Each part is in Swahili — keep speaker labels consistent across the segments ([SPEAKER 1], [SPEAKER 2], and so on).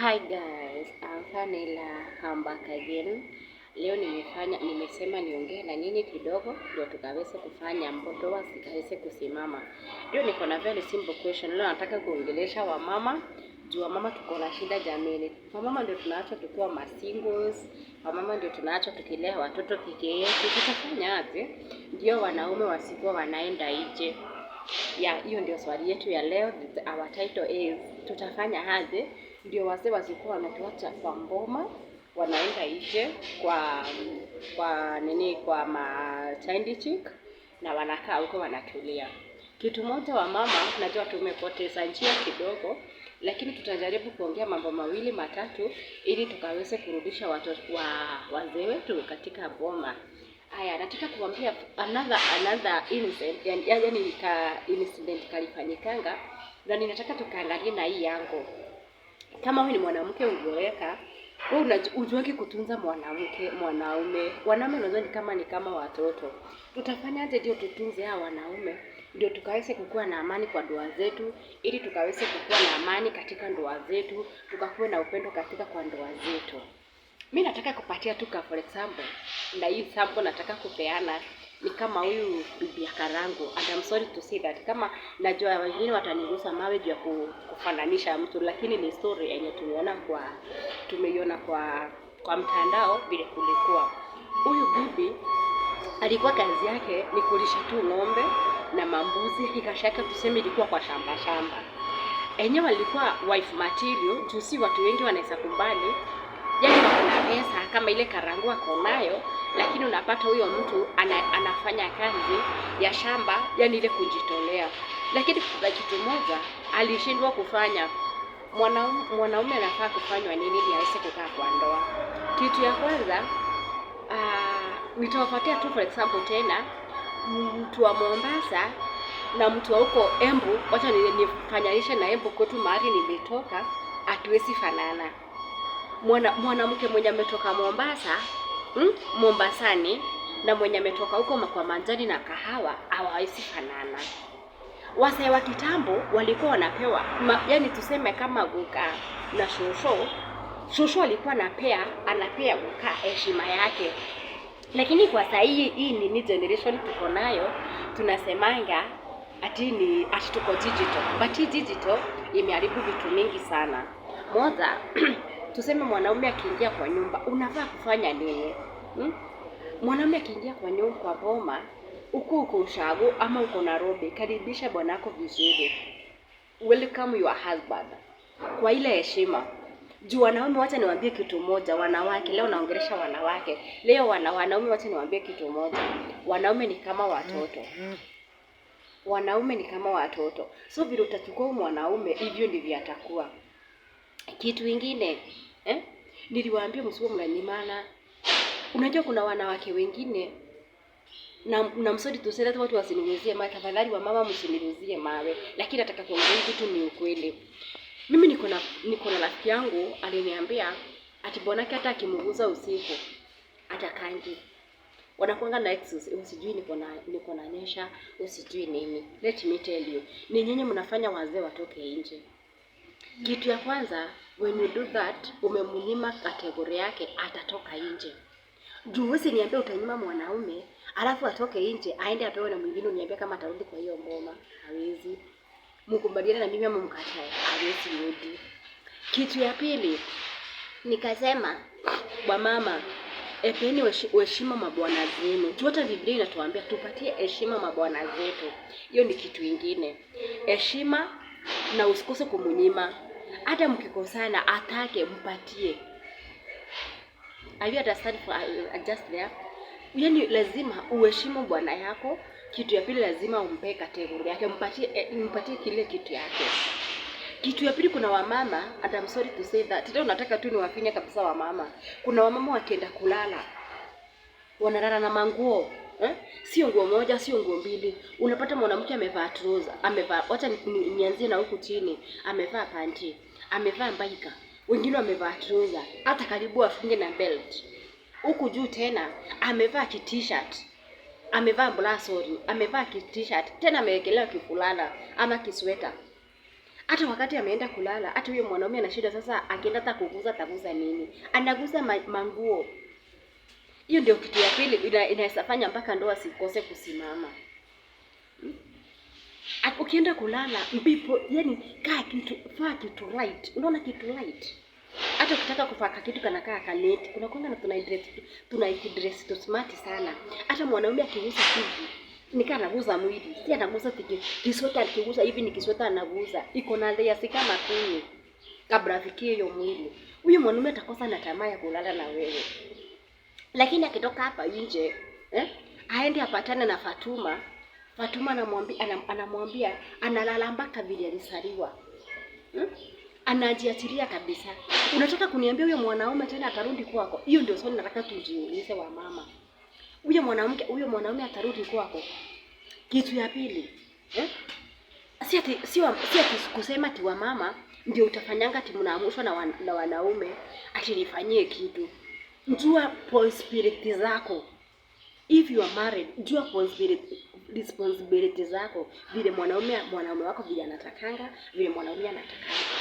[SPEAKER 1] Hi guys, I'm Fanila Hambaka again. Leo nimefanya nimesema niongee na nyinyi kidogo ndio tukaweze kufanya mbodoa sikaweze kusimama. Leo niko na very simple question. Leo nataka kuongelesha wamama juu wa mama tuko na shida jamani. mama ndio tunaacha tukiwa masingles, mama ndio tunaacha tukilea watoto peke yetu. Tutafanya aje? Ndio wanaume wasikuwa wanaenda nje. Ya, hiyo ndio swali yetu ya leo. Our title is tutafanya aje? ndio wazee walikuwa wanatuacha kwa mboma, wanaenda nje kwa kwa nini, kwa chindi chick na wanakaa huko wanatulia. Kitu moja wa mama, najua tumepoteza njia kidogo, lakini tutajaribu kuongea mambo mawili matatu ili tukaweze kurudisha watu wa wazee wetu katika boma. Haya, nataka kuambia another another incident, yani yani ka incident kalifanyikanga na ninataka tukaangalie na hii yango kama wewe ni mwanamke ulioweka wewe ujuweke kutunza mwanamke mwanaume. Wanaume unajua ni kama ni kama watoto, aje ndio tutunze hawa wanaume ndio tukaweze kukuwa na amani kwa ndoa zetu, ili tukaweze kukuwa na amani katika ndoa zetu, tukakuwa na upendo katika kwa ndoa zetu. Mi nataka kupatia tu ka for example, na hii sample nataka kupeana ni kama huyu bibi ya Karango, and I'm sorry to say that, kama najua wengine watanigusa mawe juu ya kufananisha mtu, lakini ni story yenye tumeona kwa tumeiona kwa kwa mtandao vile kulikuwa. Huyu bibi alikuwa kazi yake ni kulisha tu ng'ombe na mambuzi, kikasha tuseme ilikuwa kwa shamba shamba enyewe alikuwa wife material, juu si watu wengi wanaweza kumbali yani pesa kama ile karangua nayo, lakini unapata huyo mtu ana, anafanya kazi ya shamba, yani ile kujitolea. Lakini kuna kitu moja alishindwa kufanya. Mwanaume mwanaume anafaa kufanywa nini ili aweze kukaa kwa ndoa? Kitu ya kwanza uh, nitawapatia tu for example tena mtu wa Mombasa na mtu wa huko Embu, wacha nifanyanishe na Embu kwetu mahali nimetoka, hatuwezi fanana mwana mwanamke mwenye ametoka Mombasa mm, Mombasani na mwenye ametoka huko kwa manjani na kahawa hawawezi fanana. Wasee wa kitambo walikuwa wanapewa ma, yani tuseme kama guka na shosho shosho alikuwa anapea anapea guka heshima yake, lakini kwa saa hii hii ni, ni generation tuko nayo tunasemanga ati ni ati tuko digital, but hii digital imeharibu vitu mingi sana moja tuseme mwanaume akiingia kwa nyumba unafaa kufanya nini hmm? Mwanaume akiingia kwa nyumba kwa boma, uko uko ushago ama uko Nairobi, karibisha bwanako vizuri, welcome your husband kwa ile heshima juu wanaume, wacha niwaambie kitu moja, wanawake leo naongelesha wanawake leo wana, wanaume, wacha niwaambie kitu moja, wanaume ni kama watoto wanaume ni kama watoto, so vile utachukua mwanaume hivyo ndivyo atakuwa. Kitu ingine eh? Niliwaambia msiwe mnanyimana. Unajua kuna wanawake wengine na na msodi tuseme watu wasiniuzie mawe, tafadhali wa mama msiniuzie mawe, lakini nataka kuongea kitu ni ukweli. Mimi niko na niko na rafiki yangu aliniambia ati bwanake hata akimuguza usiku atakangi wanakuanga na exes, usijui oh, niko na niko na nesha, usijui oh, nini. Let me tell you, ni nyinyi mnafanya wazee watoke nje. Kitu ya kwanza when you do that umemnyima kategori yake, atatoka nje. Juu huwezi niambia utanyima mwanaume alafu atoke nje aende apewe na mwingine, uniambia kama atarudi kwa hiyo ngoma. Hawezi. Mkubaliane na mimi ama mkatae, hawezi rudi. Kitu ya pili nikasema, bwa mama, epeni heshima mabwana zenu. Juu hata Biblia inatuambia tupatie heshima mabwana zetu. Hiyo ni kitu ingine, heshima na usikose kumnyima hata mkikosana atake mpatie. Are you understand for uh, uh, just there? Yani lazima uheshimu bwana yako. Kitu ya pili lazima umpe kategori yake, mpatie eh, mpatie kile kitu yake. Kitu ya pili, kuna wamama and I'm sorry to say that, leo unataka tu niwafinya kabisa wamama. Kuna wamama wakienda kulala wanalala na manguo eh? Sio nguo moja, sio nguo mbili. Unapata mwanamke amevaa trouser, amevaa wacha nianzie na huku chini, amevaa panty, amevaa mbaika, wengine wamevaa trouser, hata karibu afunge na belt. Huku juu tena amevaa ki-t-shirt, amevaa blasori, amevaa ki-t-shirt, tena amewekelewa kifulana ama kisweta. Hata wakati ameenda kulala, hata huyo mwanaume ana shida sasa, akienda hata kuguza taguza nini? Anaguza manguo hiyo ndio kitu ya pili ina, inaweza fanya mpaka ndoa sikose kusimama. Hmm? Ukienda kulala mbipo, yani kaa kitu faa kitu right. Unaona kitu right. Hata ukitaka kufaka kitu kanakaa kaneti. Kuna kwanga na tunaidress tunaidress to smart sana. Hata mwanaume akiuza hivi nikaa anaguza mwili, si anaguza kisweta, akigusa hivi ni kisweta anaguza, iko na ndia si kama kuni. kabla afikie hiyo mwili. Huyu mwanaume atakosa na tamaa ya kulala na wewe. Lakini akitoka hapa nje eh, aende apatane na Fatuma. Fatuma anamwambia anamwambia analala mpaka vile alisaliwa. Hmm? Anajiachilia kabisa. Unataka kuniambia huyo mwanaume tena atarudi kwako? Hiyo ndio swali nataka tujiulize wa mama. Huyo mwanamke, huyo mwanaume atarudi kwako. Kitu ya pili. Eh? Si ati si wa, si ati kusema ati wa mama ndio utafanyanga ati mnaamshwa na, wan, na wanaume atilifanyie kitu. Jua responsibility zako. If you are married, jua responsibility zako, vile mwanaume mwanaume wako vile anatakanga, vile mwanaume anatakanga,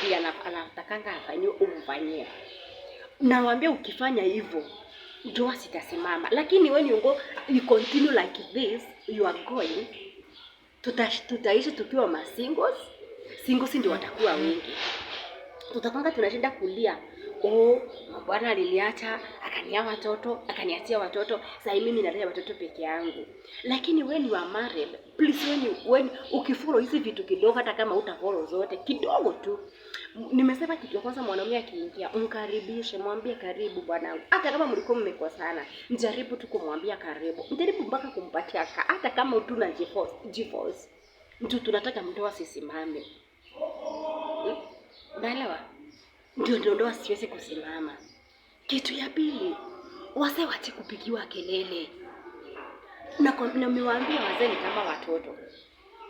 [SPEAKER 1] vile anatakanga afanyiwe umfanyie. Nawaambia ukifanya hivyo ndoa sitasimama, lakini when you go you continue like this you are going, tuta, tutaishi tukiwa masingles. Singles ndio watakuwa wengi, tutakanga tunashinda kulia oh, bwana aliliacha akania watoto akaniachia watoto, sasa mimi nataka watoto peke yangu. Lakini when you are married, please when you, when ukifollow hizi vitu kidogo, hata kama utafollow zote kidogo tu, nimesema kitu kwanza, mwanaume akiingia mkaribishe, mwambie karibu bwanangu, hata kama mlikuwa mmekosana, mjaribu tu kumwambia karibu, mjaribu mpaka kumpatia ka, hata kama utu utuna jiforce mtu tunataka mdoa sisimame, hmm? naelewa ndio ndondoa, siwezi kusimama. Kitu ya pili, wazee wache kupigiwa kelele na nimewaambia wazee ni kama watoto.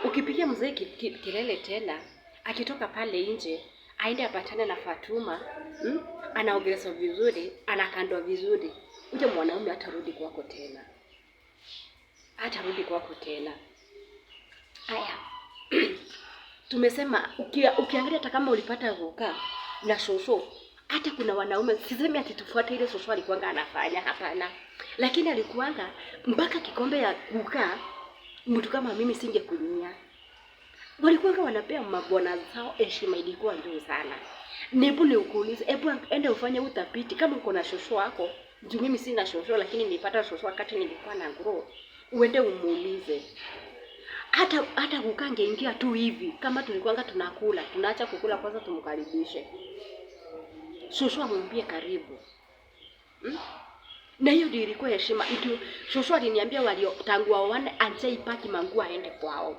[SPEAKER 1] Ukipigia mzee kelele tena, akitoka pale nje aende apatane na Fatuma hmm? vizuri, anakandwa vizuri, uje mwanaume atarudi kwako tena, atarudi kwako tena. Haya, tumesema ukia, ukiangalia hata kama ulipata vuka na soso. Hata kuna wanaume sisemi atitufuata ile soso alikuanga anafanya, hapana, lakini alikuanga mpaka kikombe ya kuka. mtu kama mimi singekunyia. Walikuanga wanapea mabwana zao heshima, ilikuwa juu sana. Nipo ni ukuulize, hebu ende ufanye utapiti kama uko na shosho wako juu mimi sina shosho, lakini nilipata shosho wakati nilikuwa na nguruwe. Uende umuulize hata hata kukangeingia tu hivi, kama tulikuanga tunakula tunaacha kukula kwanza tumkaribishe shosho, amwambie karibu hmm? na hiyo ndio ilikuwa heshima itu. Shosho aliniambia walio tangu anje anjaipaki mangu aende kwao.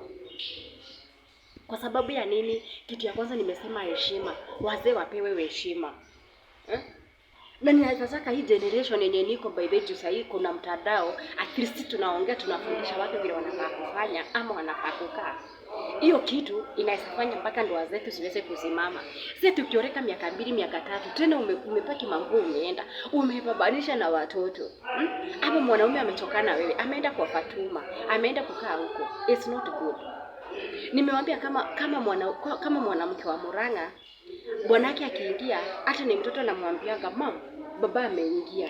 [SPEAKER 1] Kwa sababu ya nini? Kitu ya kwanza nimesema heshima, wazee wapewe heshima eh? na ninataka hii generation yenye niko by the saa hii, kuna mtandao, at least tunaongea, tunafundisha watu vile wanafaa kufanya ama wanafaa kukaa. Hiyo kitu inaweza fanya mpaka ndoa zetu ziweze kusimama. Sisi tukioreka miaka mbili miaka tatu tena ume, umepaki manguo umeenda umebabanisha na watoto hmm? Ama mwanaume amechokana wewe, ameenda kwa Fatuma, ameenda kukaa huko, it's not good. Nimewambia kama kama mwana, kama mwanamke wa Murang'a Bwanake akiingia hata ni mtoto anamwambianga mom, baba ameingia.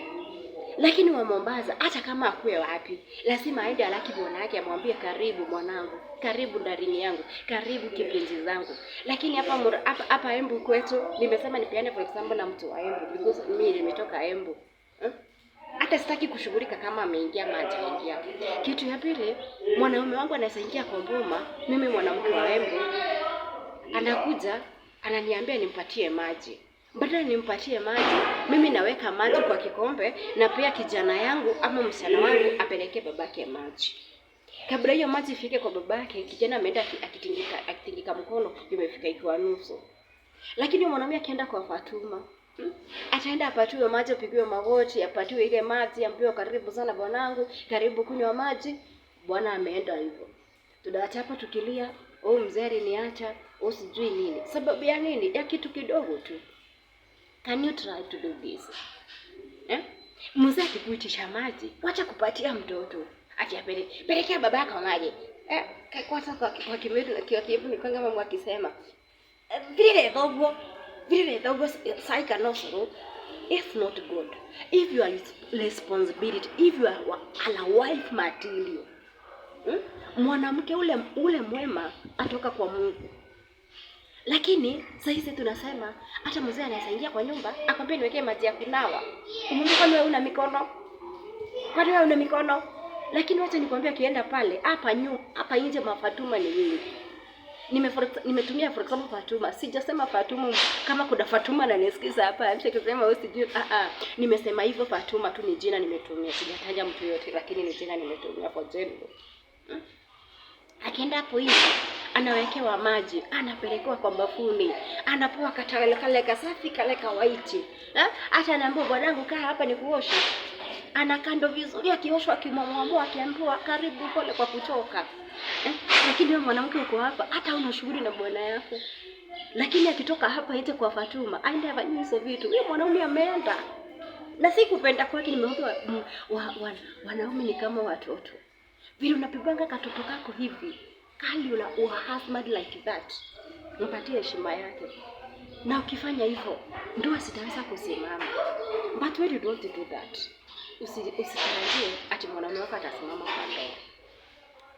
[SPEAKER 1] Lakini wa Mombasa hata kama akuwe wapi, lazima aende alaki bwanake amwambie karibu mwanangu, karibu darini yangu, karibu kipenzi zangu. Lakini hapa hapa hapa Embu kwetu, nimesema nipeane for example na mtu wa Embu because mimi nimetoka Embu. Eh? Hata sitaki kushughulika kama ameingia maji ingia. Kitu ya pili, mwanaume wangu anaweza ingia kwa mboma, mimi mwanamke wa Embu. Anakuja ananiambia nimpatie maji. Badala nimpatie maji, mimi naweka maji kwa kikombe na pia kijana yangu ama msichana wangu apelekee babake maji. Kabla hiyo maji ifike kwa babake, kijana ameenda akitingika, akitingika mkono imefika ikiwa nusu. Lakini mwanamume akienda kwa Fatuma, hmm? Ataenda apatiwe maji, apigiwe magoti, apatiwe ile maji, ambiwe karibu sana bwanangu, karibu kunywa maji. Bwana ameenda hivyo. Tudawacha hapa tukilia, oh mzee aliniacha, usijui nini, sababu ya nini? Ya kitu kidogo tu. Can you try to do this eh? Mzee akikuitisha maji, wacha kupatia mtoto, akiapeleke pelekea baba yako maji eh, kwa kwa kwa kimetu na kwa kievu ni kanga mama akisema eh, vile dogo vile dogo saika nosoro It's not good if you are responsibility if you are a la wife material hmm? Mwanamke ule ule mwema atoka kwa Mungu. Lakini saa hizi tunasema hata mzee anaweza ingia kwa nyumba akwambia niwekee maji ya kunawa, umwambie kwani wewe una mikono? Kwani wewe una mikono? Lakini wacha nikwambia, ukienda pale hapa nyu hapa nje mafatuma ni nyingi. nimetumia for example Fatuma. Sijasema Fatuma kama kuna Fatuma ananisikiza hapa amsha kusema wewe sijui. Ah ah, nimesema hivyo Fatuma tu ni jina nimetumia. Sijataja mtu yote lakini ni jina nimetumia for general. Hmm? Akienda hapo hivi anawekewa maji, anapelekewa kwa bafuni, anapewa katale kale kasafi kale kawaiti. Hata anaambiwa bwanangu, kaa hapa ni nikuoshe. Anakando vizuri, akioshwa, akimwamwamua, akiambiwa karibu, pole kwa kutoka eh. Lakini wewe mwanamke uko hapa, hata una shughuli na bwana yako, lakini akitoka hapa aite kwa Fatuma aende afanye hizo vitu. Huyo mwanaume ameenda na si kupenda kwake. Nimeambiwa mm, wanaume ni kama watoto vile unapibanga katoto kako hivi kali una husband like that, mpatie heshima yake, na ukifanya hivyo ndoa sitaweza kusimama. But when you don't do that, usitarajie ati mwanaume wako atasimama kwa ndoa,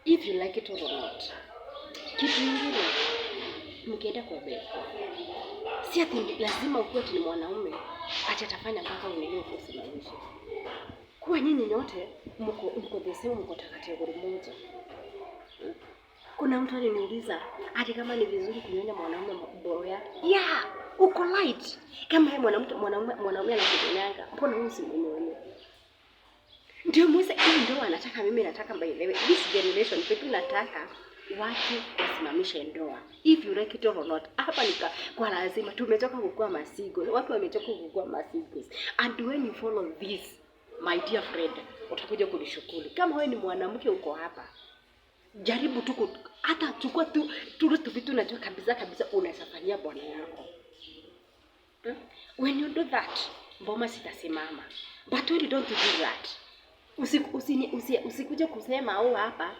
[SPEAKER 1] if you like it or not. Kitu kingine, mkienda kwa bei. si ati lazima ukuwe ni mwanaume ati atafanya mpaka uelewe kusimamisha. Kwa nyinyi nyote mko mko the same, mko takatifu moja kuna mtu aliniuliza ati kama ni vizuri kunyonya mwanaume maboro yake. Yeah, uko light. Kama yeye mwanamke mwanaume mwanaume anakunyanga, mbona wewe usimnyonye? Ndio Musa, hii ndoa anataka mimi nataka by the way. This generation petu nataka watu wasimamishe ndoa. If you like it or not. Hapa ni kwa lazima tumetoka kukua masigo. Watu wametoka kukua masigo. And when you follow this, my dear friend, utakuja kunishukuru. Kama wewe ni mwanamke uko hapa, jaribu tu chukua tu tulu tu vitu unajua kabisa kabisa unasafanyia bwana yako hmm? when you do that mboma sitasimama but when you don't do that usiku, usini, usi, usikuje kusema au oh, hapa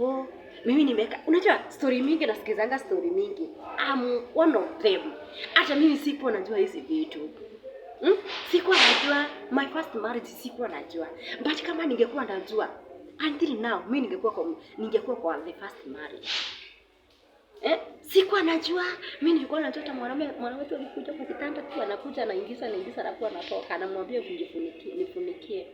[SPEAKER 1] oh, mimi nimeweka. Unajua story mingi nasikizanga story mingi, I'm one of them. Hata mimi sikuwa najua hizi vitu hmm? Sikuwa najua my first marriage, sikuwa najua but kama ningekuwa najua until now, mimi ningekuwa kwa ningekuwa kwa the first marriage. Eh? Sikuwa najua. Mimi nilikuwa najua hata mwanaume mwanaume tu alikuja kwa kitanda tu anakuja anaingiza anaingiza alafu anatoka anamwambia kujifunikie nifunikie.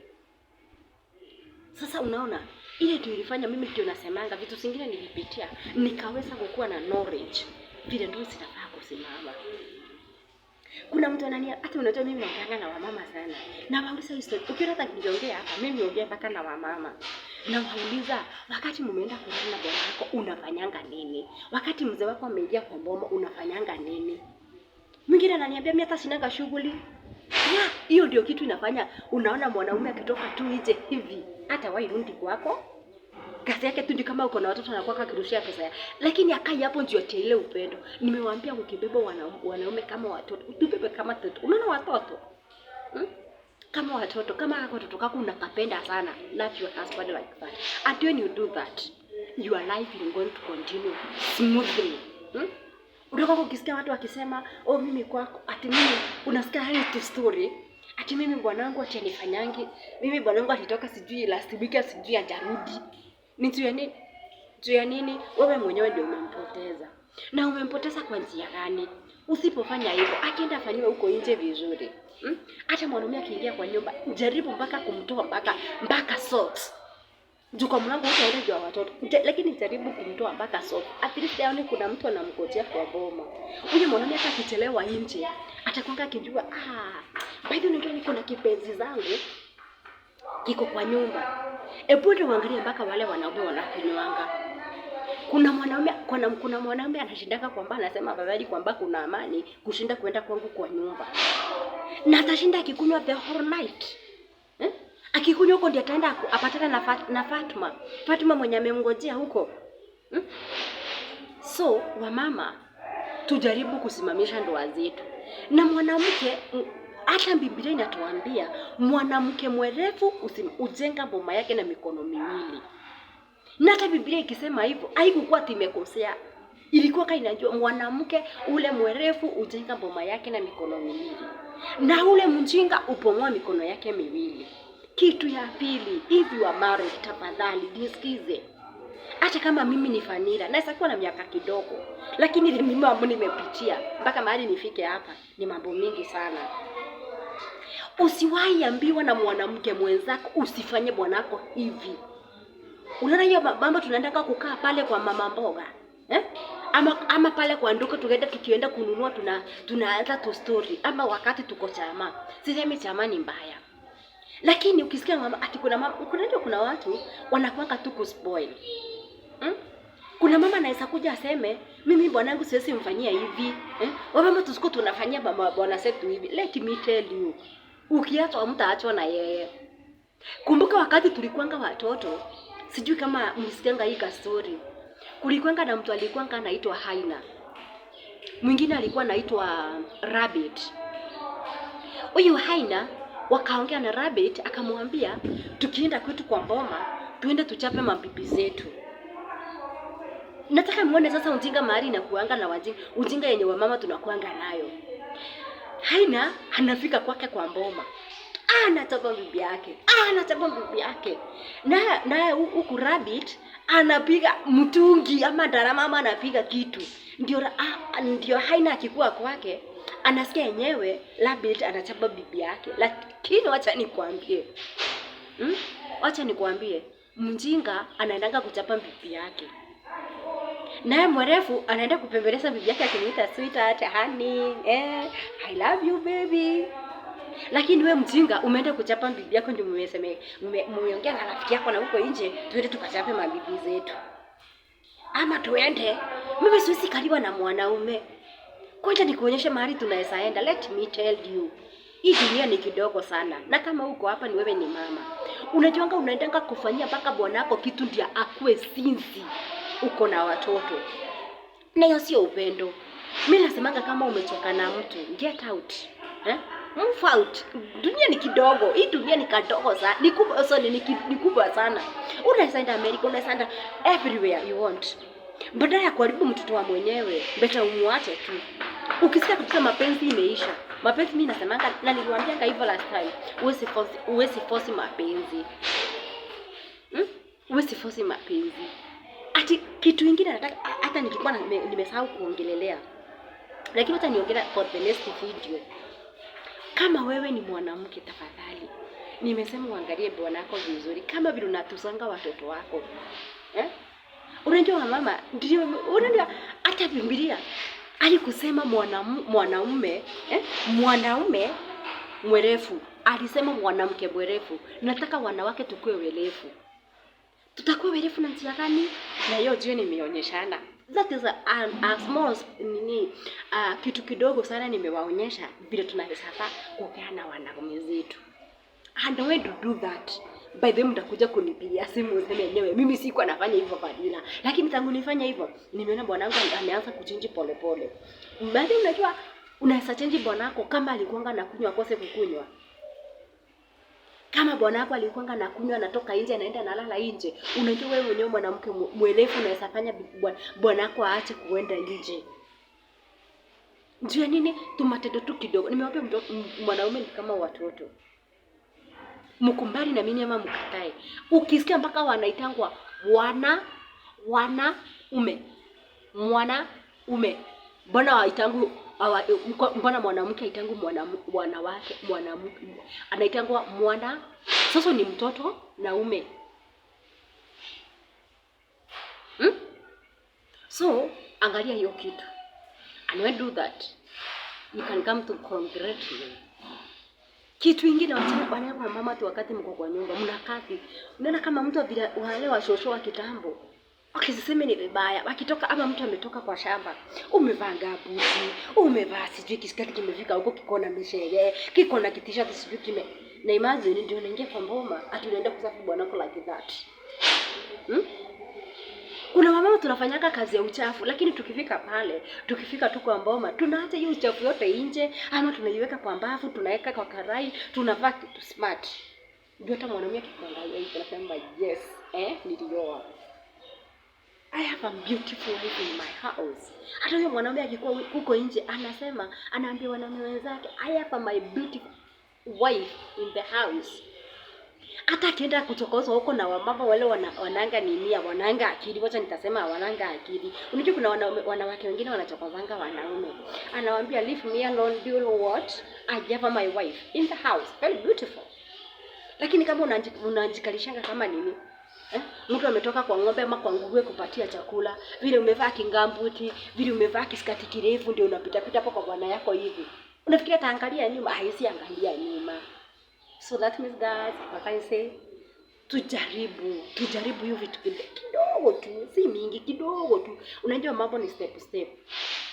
[SPEAKER 1] Sasa unaona ile ndio ilifanya mimi ndio nasemanga vitu zingine nilipitia nikaweza kukuwa na knowledge vile ndio sitafaa kusimama. Kuna mtu anania hata unajua mimi naongea na wamama sana. Na wauliza hizo. Ukiona hata nikiongea hapa mimi naongea mpaka na wamama. Nakuuliza, wakati mumeenda kulala na bwana wako unafanyanga nini? Wakati mzee wako ameingia kwa boma unafanyanga nini? Mwingine ananiambia mimi hata sinanga shughuli. Ya, Hiyo ndio kitu inafanya unaona mwanaume akitoka tu nje hivi hata wai rundi kwako. Kazi yake tu ndio kama uko na watoto na anakuwa akirushia pesa ya. Lakini akai hapo ndio ile upendo. Nimewaambia ukibeba wanaume kama watoto, utubebe kama watoto. Unaona watoto? kama watoto kama watoto kako unakapenda sana love your husband like that and when you do that your life is going to continue smoothly hmm? Udoka kukisikia watu wakisema oh, mimi kwako, ati mimi unasikia hali tu story, ati mimi bwanangu ati nifanyangi mimi bwanangu alitoka sijui last week sijui ajarudi, ni juu ya nini? Juu ya nini? Wewe mwenyewe ndio umempoteza, na umempoteza kwa njia gani? Usipofanya hivyo, akienda afanyiwe huko nje vizuri. Hmm? Hata hmm? Mwanaume akiingia kwa nyumba, jaribu mpaka kumtoa mpaka mpaka socks. Juko mlango mlango ile wa watoto. Lakini jaribu kumtoa mpaka socks. At least aone kuna mtu anamgojea kwa boma. Huyo mwanaume hata akichelewa nje, atakwanga akijua ah, baadhi the unajua niko na kipenzi zangu kiko kwa nyumba. Hebu ndio waangalie mpaka wale wanaume wanakunywanga. Kuna mwanaume kuna, kuna mwanaume anashindaka kwamba anasema afadhali kwamba kuna amani kushinda kuenda kwangu kwa nyumba, na atashinda akikunywa the whole night eh? Akikunywa huko ndio ataenda apatana na, Fat, na Fatma Fatma mwenye amemngojea huko hmm? So wamama, tujaribu kusimamisha ndoa zetu na mwanamke. Hata Biblia inatuambia mwanamke mwerevu ujenga boma yake na mikono miwili. Na hata Biblia ikisema hivyo haikukuwa timekosea. Ilikuwa kai inajua mwanamke ule mwerefu ujenga boma yake na mikono miwili. Na ule mjinga upomoa mikono yake miwili. Kitu ya pili, hivi wa mare, tafadhali nisikize. Hata kama mimi ni Fanira, naweza kuwa na miaka kidogo, lakini ile mimi ambayo nimepitia mpaka mahali nifike hapa ni mambo mingi sana. Usiwahi ambiwa na mwanamke mwenzako usifanye bwanako hivi. Unaona hiyo mambo tunataka kukaa pale kwa mama mboga. Eh? Ama ama pale kwa nduka tukaenda tukienda kununua tuna tunaanza tu story ama wakati tuko chama. Sisemi chama ni mbaya. Lakini ukisikia mama ati kuna mama kuna ndio kuna watu wanakuanga tu ku spoil Hmm? Kuna mama anaweza kuja aseme mimi bwanangu siwezi mfanyia hivi. Eh? Wamama tusiko tunafanyia mama bwana setu hivi. Let me tell you. Ukiachwa mtaachwa na yeye. Kumbuka wakati tulikuanga watoto Sijui kama mlisikianga hii kastori. Kulikwanga na mtu alikwanga anaitwa Haina, mwingine alikuwa anaitwa Rabbit. Huyu Haina wakaongea na Rabbit, akamwambia tukienda kwetu kwa mboma tuende tuchape mabibi zetu. Nataka muone sasa ujinga mahali kuanga na wajinga, ujinga yenye wamama tunakuanga nayo. Haina anafika kwake kwa mboma anataba bibi yake, anataba bibi yake, naye naye huku rabbit anapiga mtungi ama darama ama anapiga kitu, ndio ndio haina akikuwa kwake anasikia yenyewe rabbit anachapa bibi yake. Lakini wacha nikwambie, hmm? Wacha nikwambie, mjinga anaendanga kuchapa bibi yake, naye mwerefu anaenda kupembeleza bibi yake, akimwita sweetheart, honey, eh, I love you baby lakini wewe mjinga umeenda kuchapa bibi yako, ndio mmesema mmeongea na rafiki yako na huko nje, twende tukachape mabibi zetu ama tuende. Mimi siwezi kaliwa na mwanaume. Kwanza nikuonyeshe mahali tunaweza enda. Let me tell you, hii dunia ni kidogo sana, na kama uko hapa ni wewe, ni mama, unajuanga unaendanga kufanyia mpaka bwanako kitu ndio akue sinzi, uko na watoto, na hiyo sio upendo. Mimi nasemanga kama umechoka na mtu, get out eh? move Dunia ni kidogo, hii dunia ni kadogo sana, ni kubwa oh, sorry, ni, ni kubwa sana. Unaweza enda America, unaweza enda everywhere you want. Badala ya kuharibu mtoto wa mwenyewe, beta umuache tu. Ukisikia kabisa mapenzi imeisha, mapenzi mimi nasemanga na niliwaambia hivyo last time, uwezi force, uwezi force mapenzi hmm? Uwezi force mapenzi ati kitu kingine nataka, hata nikikuwa nimesahau kuongelelea, lakini hata niongelea for the next video. Kama wewe ni mwanamke, tafadhali, nimesema uangalie bwanako vizuri, kama vile unatusanga watoto wako eh? Unajua mama, ndio unajua hata Biblia alikusema mwanaume mwanaume eh? mwanaume mwerefu alisema mwanamke mwerefu. Nataka wanawake tukue werefu. Tutakuwa werefu na njia gani? Na hiyo jue nimeonyeshana that is a, um, a, a small nini uh, kitu kidogo sana nimewaonyesha vile tunawezapa kupeana wanaume zetu and when to do that by the mtakuja kunipigia simu useme yenyewe mimi kwa nafanya hivyo Fadila, lakini tangu nifanya hivyo nimeona bwanangu ameanza kuchinji polepole. Baadhi unajua unaweza change bwanako kama alikuanga na kunywa akose kukunywa kama bwana wako alikuanga na kunywa anatoka nje anaenda nalala nje, unajua wewe mwenyewe mwanamke mwelefu unaweza fanya bwana wako aache kuenda nje. Njua nini? Tumatendo tu kidogo. Nimewapa mwanaume ni kama watoto, mkumbali na mimi ama mkatae. Ukisikia mpaka wanaitangwa wana wana ume mwana ume, mbona waitangu mbona mwanamke aitangu mwanawake mwanamke anaitangwa mwana, sasa ni mtoto naume hmm? So angalia hiyo kitu, and when do that you can come to congratulate me. Kitu ingine wachana bwana mama tu, wakati mko kwa nyumba mnakaa, unaona kama mtu vile wale wa washoshoa kitambo wakisiseme ni vibaya, wakitoka ama mtu ametoka kwa shamba, umevaa gabuti, umevaa sijui kisikati kimefika huko, kiko na mishege, kiko na kitishati sijui kime na imagine, ndio unaingia kwa mboma ati unaenda kusafi bwanako like that hmm? Kuna wamama tunafanyaka kazi ya uchafu, lakini tukifika pale, tukifika tu kwa mboma, tunaacha hiyo uchafu yote nje, ama tunaiweka kwa mbavu, tunaweka kwa karai, tunavaa kitu smart, ndio hata mwanamke akiangalia hivi anasema yes, eh, nilioa I have a beautiful wife in my house. Hata huyo mwanaume akikuwa huko nje anasema, anaambia wanaume wenzake, I have my beautiful wife in the house. Hata akienda kuchokozwa huko na wamama wale wana, wananga ninia wananga akili, wacha nitasema wananga akili. Unajua kuna wanaume, wanawake wengine wanachokozanga wanaume, anawaambia leave me alone, do you know what, I have my wife in the house, very beautiful. Lakini kama unajikalishanga kama nini mtu ametoka kwa ng'ombe ama kwa nguruwe kupatia chakula, vile umevaa kingambuti, vile umevaa kiskati kirefu, ndio unapita pita hapo kwa bwana yako hivi, unafikiria taangalia nyuma? Ah, Haisi angalia nyuma. So that means that what I say, tujaribu tujaribu hiyo vitu kidogo tu, si mingi, kidogo tu. Unajua mambo ni step step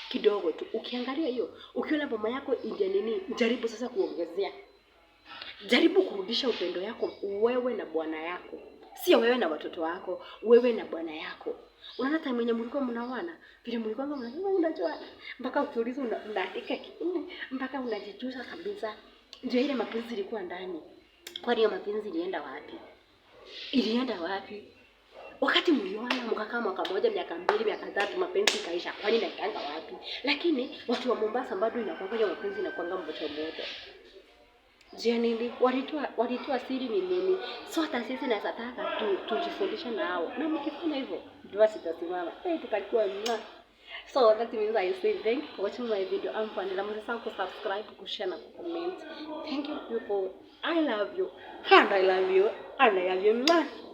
[SPEAKER 1] kidogo tu. Ukiangalia hiyo, ukiona mama yako ndio nini, jaribu sasa kuongezea, jaribu kurudisha upendo yako wewe na bwana yako sio wewe na watoto wako, wewe na bwana yako. Unaona time yenye mlikuwa mnaoana vile mlikuwa mnasema unajua mpaka ukiuliza unaandika kiini mpaka unajijuza kabisa. Ndio ile mapenzi ilikuwa ndani. Kwa hiyo mapenzi ilienda wapi? Ilienda wapi? Wakati mliona mkakaa mwaka moja, miaka mbili, miaka tatu, mapenzi kaisha. Kwani naikaanga wapi? Lakini watu wa Mombasa bado inakuwa mapenzi inakuanga mmoja mmoja njia nini walitoa walitoa siri ni nini. So hata sisi na sataka tu tujifundishe na hao, na mkifanya hivyo dua sitasimama, eh tutakuwa mwa. So that means I say thank you for watching my video. I'm fine. Vanilla. Msisahau kusubscribe, kushare na kucomment. Thank you people. I love you. And I love you. And I love you.